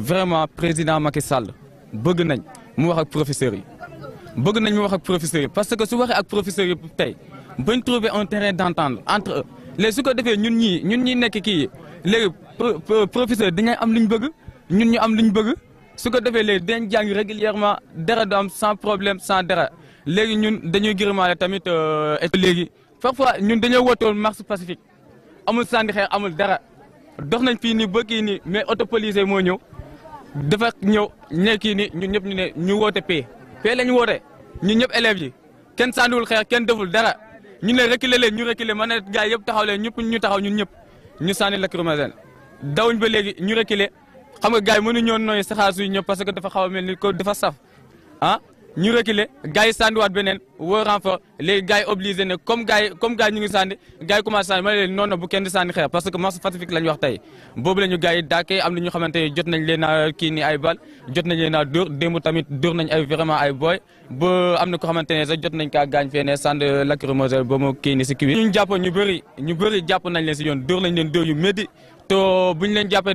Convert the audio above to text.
vraiment président Macky Sall bëgg nañ mu wax ak parce que su waxee ak professeur, yi tey trouver un terrain d'entente entre eux léegi su ñun ñii ñun ñi nekk kii professeur am bëgg ñun régulièrement dara sans problème sans dara léegi ñun dañuy tamit euh, léegi parfois ñun dañoo wootoon marche pacifique amul amul dara dox nañ mais dafa ñëw ne kii ni ñun ñëpp ñu ne ñu woote paix paix la ñu woote ñu ñëpp élèves yi kenn sànniwul xeex kenn deful dara ñu ne reculer leen ñu reculer ma na gars yëpp taxaw leen ñëpp ñu taxaw ñun ñëpp ñu sànni lacrymogène dawuñ ba léegi ñu reculer xam nga gars yi mënuñu ñoo nooy saxaar suy ñëw parce que dafa xaw a mel ni ko dafa saf ah ñu reculer gars yi sandiwaat beneen woo renfort léegi gars yi obligé ne comme gars ñu ngi sandi gars yi commencé sandi ma leen non bu kenn di sandi xeer parce que marche pacifique la ñu wax tey boobu la ñu gars am na ñu xamante ne jot nañ leen a kii ni ay bal jot nañ leen a dóor tamit dóor nañ ay vraiment ay booy ba am na ko xamante ne sax jot nañ kaa gaañ fee ne sand lacrymogène ba mu kii si kiwi ñu jàppoon ñu bëri ñu bëri jàpp nañ leen si yoon dóor nañ leen dóor yu métti to bu ñu leen jàppee